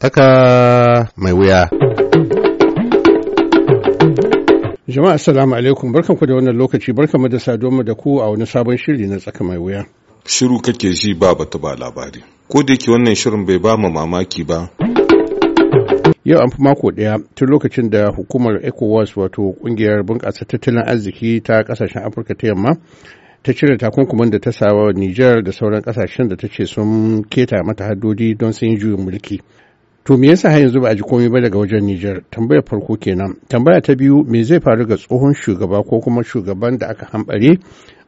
Tsaka mai wuya. Jama'a assalamu alaikum ku da wannan lokaci mu da saduwa da ku a wani sabon shiri na tsaka mai wuya. Shiru kake ji ba bata ba labari. Ko da yake wannan shirin bai ba mu mamaki ba. Yau an fi mako ɗaya tun lokacin da hukumar ECOWAS wato kungiyar bunƙasa tattalin arziki ta ƙasashen Afirka ta yamma ta cire takunkumin da ta sawa Nijar da sauran ƙasashen da ta ce sun keta mata haddodi don sun yi juyin mulki. To me yasa har yanzu ba a ji komai ba daga wajen Nijar? Tambayar farko kenan. Tambaya ta biyu me zai faru ga tsohon shugaba ko kuma shugaban da aka hambare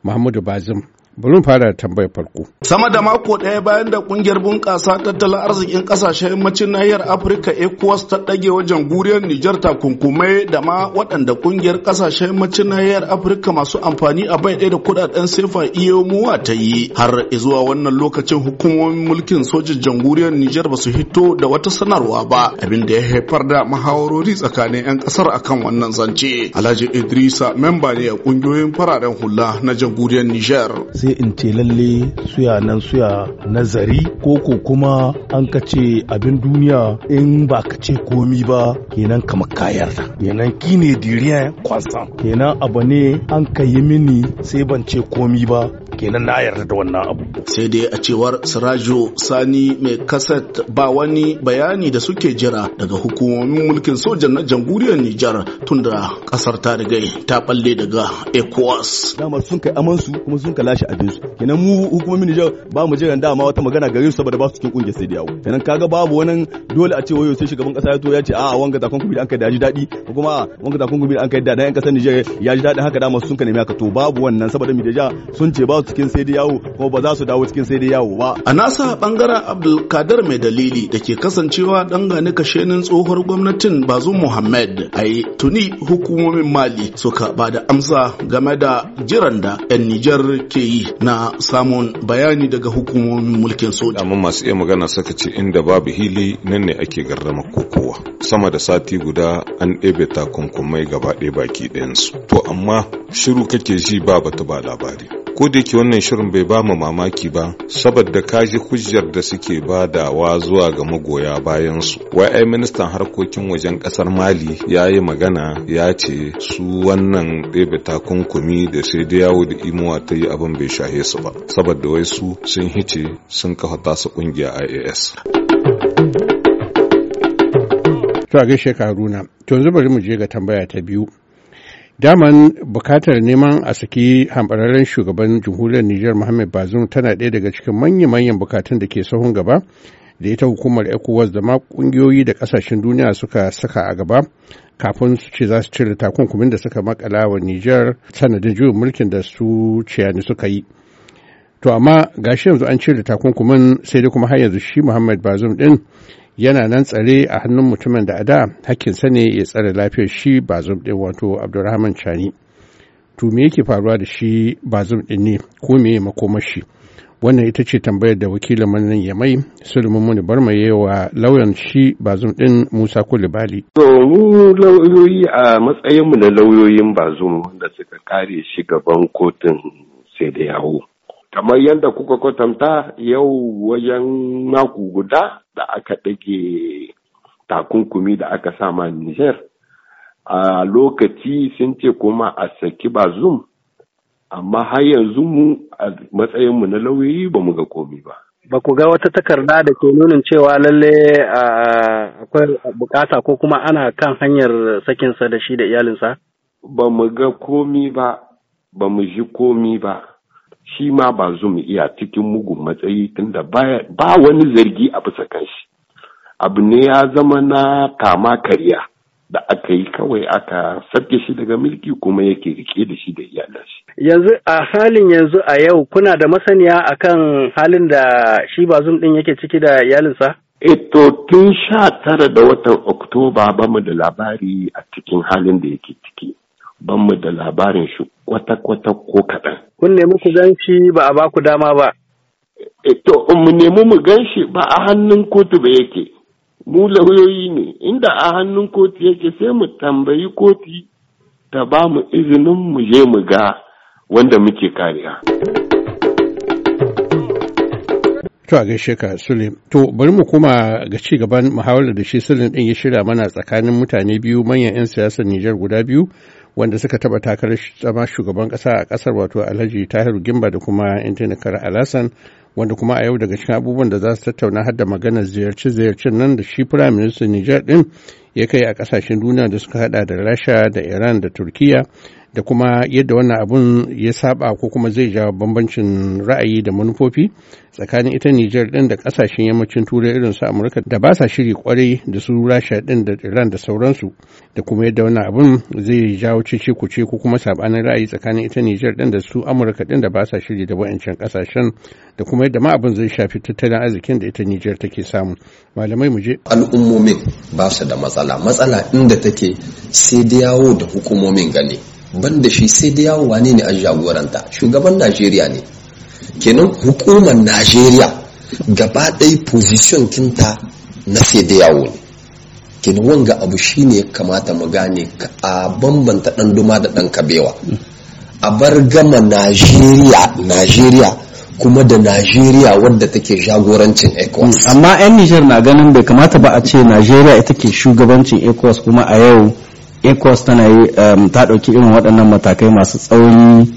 Muhammadu Bazum bari fara tambayar farko. Sama da mako ɗaya bayan da kungiyar bunƙasa tattalin arzikin ƙasashen yammacin nahiyar Afirka ECOWAS ta ɗage wajen guriyar Nijar ta kunkumai da ma waɗanda kungiyar ƙasashen yammacin nahiyar Afirka masu amfani a bai ɗaya da kuɗaɗen sefa e muwa ta yi har zuwa wannan lokacin hukumomin mulkin sojin jamhuriyar Nijar ba su hito da wata sanarwa ba abin da ya haifar da mahawarori tsakanin 'yan ƙasar akan wannan zance. Alhaji Idrisa memba ne a ƙungiyoyin fararen hula na jamhuriyar Nijar. sai in ce lalle suya nan suya nazari ko ko kuma an ka ce abin duniya in ba ka ce komi ba kenan kama makayar da kenan ki ne diriya kwansan kenan abu ne an ka yi mini sai ban ce komi ba kenan na yarda da wannan abu sai dai a cewar sirajo sani mai kasat ba wani bayani da suke jira daga hukumomin mulkin sojan na jamhuriyar nijar tun da kasar ta riga ta balle daga ecowas dama sun kai amansu kuma sun abin abinsu kenan mu hukumomin nijar ba mu jiran dama wata magana gare su saboda ba su cikin kungiyar sai dai yawo kenan kaga babu wani dole a ce wayo sai shugaban kasa ya to ya ce a wanga takon kubi an kai da ji dadi ko kuma wanga takon kubi an kai da dan kasar Nijar ya ji dadi haka dama sun ka nemi aka to babu wannan saboda mi da ja sun ce ba cikin sai yawo ko ba za su dawo cikin sai yawo ba a nasa bangaren abdulkadir mai dalili da ke kasancewa dangane kashenin tsohuwar gwamnatin bazu muhammad ai tuni hukumomin mali suka ba da amsa game da jiran da yan nijar ke yi na samun bayani daga hukumomin mulkin soja amma masu iya magana suka ce inda babu hili nan ne ake garrama kokowa sama da sati guda an ɗebe takunkumai gaba ɗaya baki ɗayansu to amma shiru kake ji ba bata ba labari ko da yake wannan shirin bai ba mu mamaki ba saboda kaji hujjar da suke badawa zuwa ga magoya bayan su wai ai ministan harkokin wajen kasar mali ya yi magana ya ce su wannan ɗebe takunkumi da sai da yawo da imuwa ta yi abin bai shahe su ba saboda wai su sun hice sun kafa tasa kungiya ias to a gaishe karuna to yanzu bari mu je ga tambaya ta biyu daman bukatar neman a saki hambararren shugaban jamhuriyar Nijar Muhammad Bazoum tana ɗaya daga cikin manya-manyan bukatun da ke sahun gaba da ita hukumar ECOWAS da ma ƙungiyoyi da ƙasashen duniya suka saka a gaba kafin su ce za su cire takunkumin da suka makala wa Nijar sanadin juyin mulkin da su ciyani suka yi. To amma gashi yanzu an cire takunkumin sai dai kuma har yanzu shi Muhammad Bazoum din yana nan tsare a hannun mutumin da a da hakkinsa ne ya tsare lafiyar shi bazum ɗin wato Abdurrahman chani to me yake faruwa da shi bazum ɗin ne ko me makoma shi wannan ita ce tambayar da wakilin manan yamai sulmin muni barma wa lauyan shi bazum din musa kulibali to mu lauyoyi a matsayinmu na lauyoyin bazum da suka kare shi gaban kotun sai da yawo kamar yadda kuka kwatanta yau wajen maku guda da aka ɗage takunkumi da aka sama Nijar. A lokaci sun ce kuma a saki ba zum, amma har yanzu mu a matsayinmu na lauyoyi ba mu ga komi ba. Ba ku ga wata takarda da ke nunin cewa lalle akwai bukata ko kuma ana kan hanyar sakinsa da shi da iyalinsa? Ba mu ga komi ba, ba mu ji komi ba. shi ma ba zum iya cikin mugun matsayi tunda ba wani zargi a bisa kanshi abu ne ya zama na kama karya da aka yi kawai aka sarke shi daga mulki kuma yake rike da shi da iyalansa. Yanzu a halin yanzu a yau kuna da masaniya akan halin da shi bazum din yake ciki da iyalinsa? Eto eh, tun sha tara da watan Oktoba ba mu da labari a cikin halin da yake ciki. Ban mu da labarin shi kwata-kwata ko kaɗan. kun nemi ku gan ba a baku dama ba eh, to mu nemi mu gan shi ba a hannun kotu ba yake mu lauyoyi ne inda a hannun kotu yake sai mu tambayi kotu ta ba mu izinin mu je mu ga wanda muke kariya. To a gaishe ka Sulim. To bari mu kuma ga ci gaban muhawarar da shi Sulim ɗin ya shirya mana tsakanin mutane biyu manyan 'yan siyasar Nijar guda biyu wanda suka taba takarar zama shugaban kasa a kasar wato alhaji tahiru gimba da kuma intanikar alasan wanda kuma a yau daga cikin abubuwan da za su tattauna har da maganar ziyarce-ziyarcen nan da shi firayim ministan niger din ya kai a kasashen duniya da suka hada da rasha da iran da turkiya da kuma yadda wannan abun ya saba ko kuma zai jawo bambancin ra'ayi da manufofi tsakanin ita Nijar din da kasashen yammacin turai irin su Amurka da ba sa shiri kwarai da su Rasha din da Iran da sauransu da kuma yadda wannan abun zai jawo cici kuce ko kuma sabanin ra'ayi tsakanin ita Nijar din da su Amurka din da ba sa shiri da wayancan kasashen da kuma yadda ma abun zai shafi tattalin arzikin da ita Nijar take samu malamai muje. je al'ummomin ba su da matsala matsala inda take sai da yawo da hukumomin gane banda shi sai da yawo wane ne a jagoranta shugaban najeriya ne kenan hukumar najeriya gaba ɗaya position kinta na sai da yawo ne kenan wanga abu shine ya kamata mu gane a bambanta ɗan duma da ɗan kabewa a bar gama najeriya najeriya kuma da najeriya wadda take jagorancin ecowas amma 'yan nijar na ganin bai kamata ba a ce najeriya ita ke shugabancin ecowas kuma a yau ecos tana yi um, ta ɗauki irin waɗannan matakai masu tsauni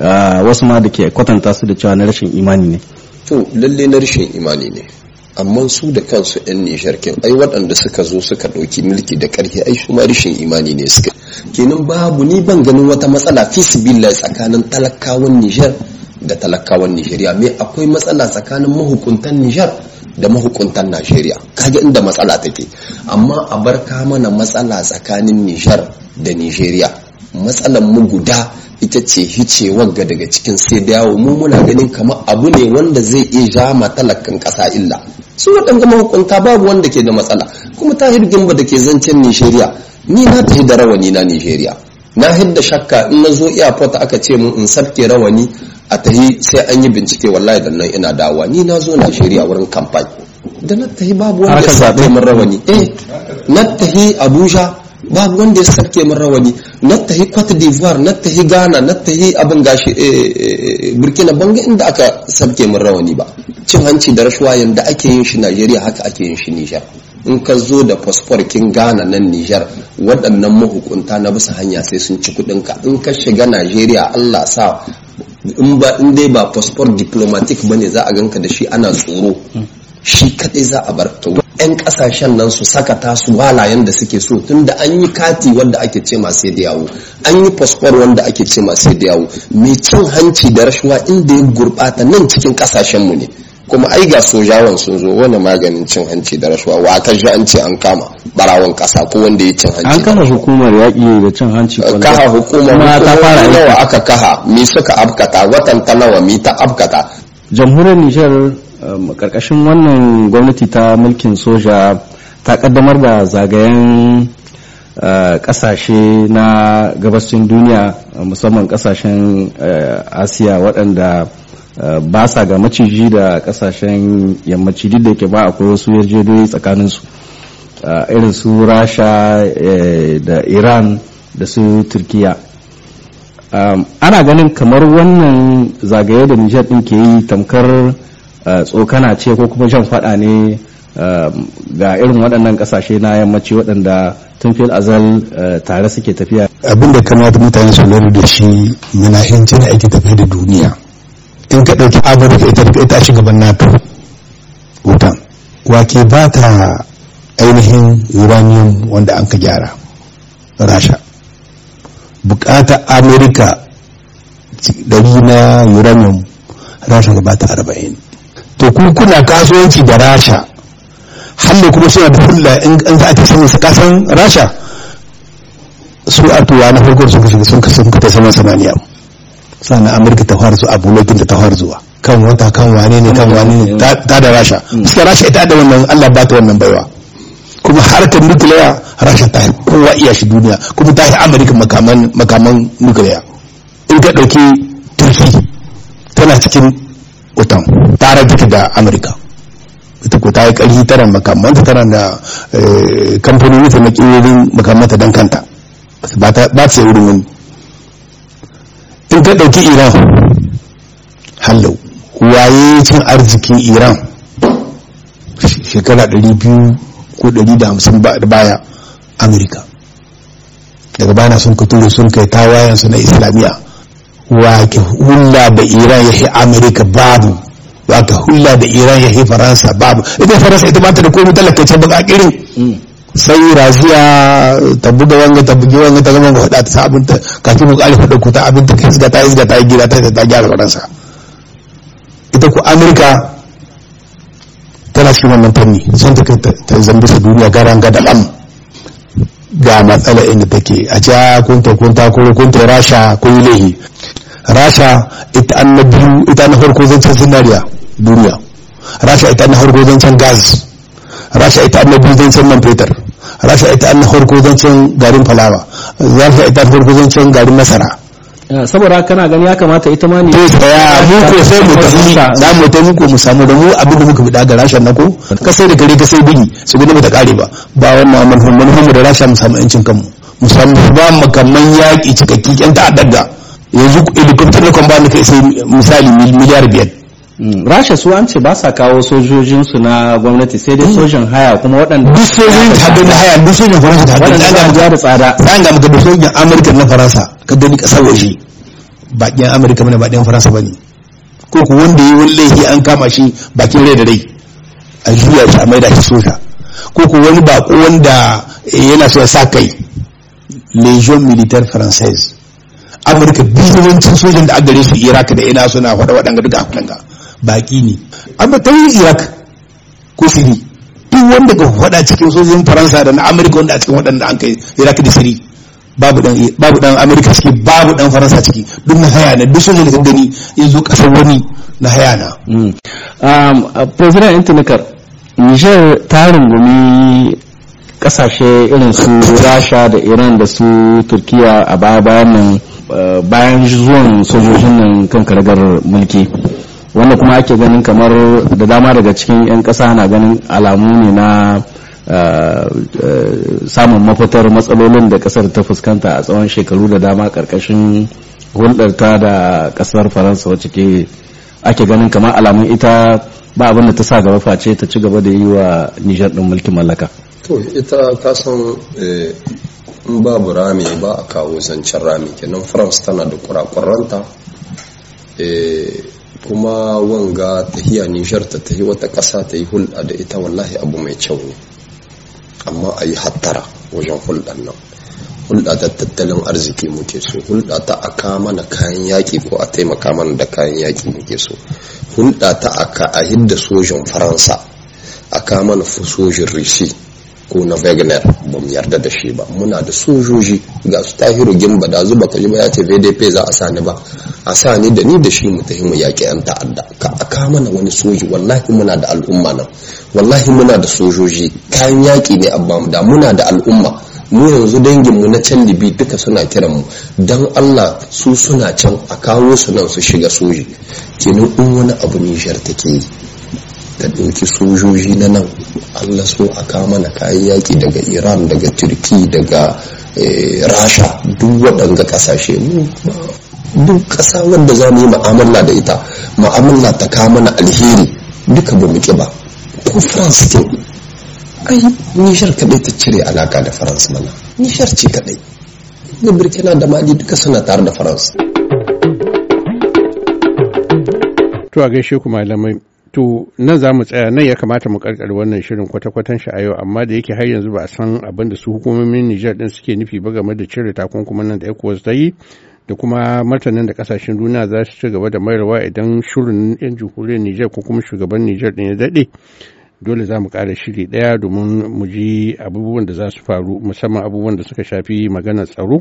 uh, wasu ma da ke kwatanta su da cewa na rashin imani ne to lalle na rashin imani ne amma su da kansu 'yan nishar kin ai waɗanda suka zo suka ɗauki mulki da ƙarfi ai su ma rashin imani ne suka kenan babu ni ban ganin wata matsala fisibila tsakanin talakawan nijar da talakawan nijeriya me akwai matsala tsakanin mahukuntan nijar da mahukuntan najeriya kage inda matsala take amma a barka mana matsala tsakanin nijar da nijeriya matsalan mu guda ita ce hicewar ga daga cikin sai da yawo mu muna ganin kamar abu ne wanda zai iya ja matalakan ƙasa illa su waɗanda mahukunta babu wanda ke da matsala kuma ta gimba da ke zancen nijeriya ni na ta da rawani na nijeriya na hidda shakka in na zo fota aka ce mun in sabke rawani a ta yi sai an yi bincike wallahi da nan ina dawa ni na zo najeriya wurin kamfani da na ta yi babu wanda ya sake min rawani eh, na ta yi abuja babu wanda ya sake min rawani na ta yi cote d'ivoire na ta yi ghana na ta yi abin gashi eh, eh, burkina banga inda aka sake min rawani ba cin hanci da rashuwa yanda ake yin shi najeriya haka ake yin shi nijar in ka zo da kin Gana nan nijar waɗannan mahukunta na bisa hanya sai sun ci kuɗinka in ka shiga najeriya allah sa in ba in dai ba passport diplomatic bane za a ganka da shi ana tsoro shi kadai za a bar to yan kasashen nan su sakata su wala da suke so tunda an yi kati wanda ake ce masu da yawo an yi passport wanda ake ce masu da yawo mai cin hanci da rashuwa inda ya gurbata nan cikin kasashen mu ne kuma ai ga sojawan sun zo wani maganin cin hanci da rasuwa wata shi an ce an kama barawon kasa ko wanda ya cin hanci an kama hukumar yaƙi da cin hanci kaha hukumar ta fara nawa aka kaha mi suka afkata watan ta nawa mi ta afkata jamhuriyar nijar karkashin um, wannan gwamnati ta mulkin soja ta kaddamar da zagayen kasashe uh, na gabashin duniya musamman kasashen uh, asiya waɗanda ba sa ga maciji da kasashen yammaci duk da yake ba akwai wasu yarjejeniyoyi tsakanin su irin su rasha eh, da iran da su turkiya ana ganin kamar wannan zagaye da nijar din ke yi tamkar eh, tsokana ce ko kuma jan fada ne ga irin waɗannan kasashe na yammaci waɗanda tun fil azal eh, tare suke tafiya abin da kamata mutane su lura da shi muna yanci ake tafiya da duniya in ka ɗauki amurka ita da ita shi gaban nato wuta wake ba ta ainihin uranium wanda an ka gyara rasha bukata amurka ɗari na uranium rasha ba ta arba'in to kuna kasuwanci da rasha hannu kuma suna da hulla in za a ta sanya kasan rasha su a tuwa na farko sun kasance sun kasance ta saman samaniya sana amurka ta fara zuwa bulogin ta fara zuwa kan wata kan wane ne kan wane ne ta da rasha suka rasha ita da wannan allah ba ta wannan baiwa kuma harkar nukiliya rasha ta yi kowa iya shi duniya kuma ta yi amurka makaman makaman nukiliya in ka ɗauki turki tana cikin otan ta duka da amurka ita ko ta yi ƙarfi tana ta tana da eh, kamfanoni ta na ƙirorin makamanta don kanta ba ta sai wurin wani in ka ɗauki iran hallo waye cin arzikin iran shekara 200 ko 150 da baya amurka daga bana sun ka tura sun kai tawayensu na islamiyya wake hula da iran ya yi amurka babu wake hula da iran ya yi faransa babu ita faransa ita ba ta da komai talakacin baka kirin sai raziya ta buga wanga ta bugi wanga ta gama faɗa ta abin ta kafin mu da faɗa kuta abin ta isga ta isga ta gida ta ta gyara faransa ita ku amurka tana cikin wannan fanni sun ta ta zambi sa duniya garan ga dalam ga matsala inda take a ja ah, kun ta kun ta kuro kun ta rasha kun yi lehi rasha ita an na biyu ita na farko zancen zinariya duniya rasha ita na farko zancen gas rasha ita an na biyu zancen man fetur za su ita na farko zancen garin falawa za su ita farko zancen garin masara saboda kana gani ya kamata ita ma ne to ya mu ko sai mu tafi za mu tafi ko mu samu da mu abin da muka bida ga rashin na ko ka sai da gari ka sai bigi su gudu ta kare ba ba wannan manhum manhum da rashin mu samu yancin kanmu mu samu ba makamman yaki cikakki yan ta daga yanzu helicopter ne kan ba ni kai sai misali miliyar biyar Mm. rasha su an ce ba sa kawo sojojinsu na gwamnati sai dai mm. sojin haya kuma waɗanda duk sojojin haɗin da haya duk sojin faransa da haɗin da da tsada an ga muka sojin amurka na faransa ka gani ka saboda shi bakin amurka mana bakin faransa ba ne ko ku wanda yi wani laifi an kama shi bakin rai da rai a juya shi a maida shi soja ko ku wani bako wanda eh, yana so ya sa kai legion militaire française amurka biyu wancan sojan da agare su iraq da ina suna faɗa waɗanda duka akwai baki ne amma ta yi iraq ko siri duk wanda ga hada cikin sojojin faransa da na amurka wanda a cikin waɗanda an kai iraq da siri babu dan babu dan amurka ciki babu dan faransa ciki duk na haya na duk sojojin da gani gani zo kasar wani na haya na hmm. um, uh, president intanikar niger ta rungumi kasashe irin su rasha da iran da su turkiya a baya bayan nan uh, bayan zuwan sojojin nan kan karagar mulki wanda kuma ake ganin kamar da dama daga cikin 'yan kasa na ganin alamu ne na eh, eh, samun mafitar matsalolin da kasar ta fuskanta a tsawon shekaru da dama ƙarƙashin hulɗarta da kasar faransa wacce ke ake ganin kamar alamun ita ba abin da ta sa gaba face ta ci gaba da yi wa nijar ɗin mulkin mallaka to ita ta san eh, in babu rami ba a kawo zancen rami kenan faransa tana da kurakuranta kuma wanga tahiya nijar ta ta tahi wata ƙasa ta yi hulɗa da ita wallahi abu mai kyau ne amma a yi hattara wajen hulɗan nan hulɗa ta tattalin arziki muke so hulɗa ta a kama mana kayan yaƙi ko a taimaka mana da kayan yaƙi muke so hulɗa ta ka a hidda sojin faransa a kama mana sojin rishi ko na wagner ba mu yarda da shi ba muna da sojoji ga su tahiru gimba da zuba kaji ba ya ce vdp za a sani ba a sani da ni da shi mu tafi mu yaƙi yan ta'adda ka a kama na wani soji wallahi muna da al'umma nan wallahi muna da sojoji kayan yaƙi ne abba mu da muna da al'umma mu yanzu dangin mu na can libi duka suna kiran mu don allah su suna can a kawo su nan su shiga soji kenan in wani abu nijar take yi ka ɗauki sojoji na nan allah so a kama na kayan yaƙi daga iran daga turki daga eh, rasha duk waɗanda ƙasashe mu duk ƙasa wanda za mu yi ma'amala da ita ma'amala ta kama na alheri duka ba muke ba ko france ke ai nishar kaɗai ta cire alaka da france mana nishar ce kaɗai da birkina da mali duka suna tare da france to a gaishe ku malamai To nan za mu tsaya nan ya kamata mu karkare wannan shirin kwata-kwatan shi a yau amma da yake har yanzu ba a san abin da su hukumomin Nijar din suke nufi ba game da cire takunkuman nan da ECOWAS ta yi da kuma martanin da kasashen duniya za su ci gaba da mayarwa idan shirin yan jamhuriyar Nijar ko kuma shugaban Nijar din ya daɗe. Dole za mu ƙara shiri ɗaya domin mu ji abubuwan da za su faru musamman abubuwan da suka shafi maganar tsaro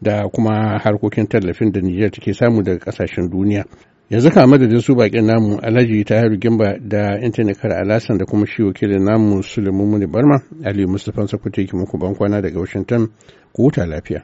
da kuma harkokin tallafin da Nijar take samu daga kasashen duniya. yanzu ka madadin su bakin namu alhaji tahiru gimba da intanet kar alasan da kuma shi wakilin namu sulaiman muni barma aliyu mustapha sakwata yake muku bankwana daga washington ku huta lafiya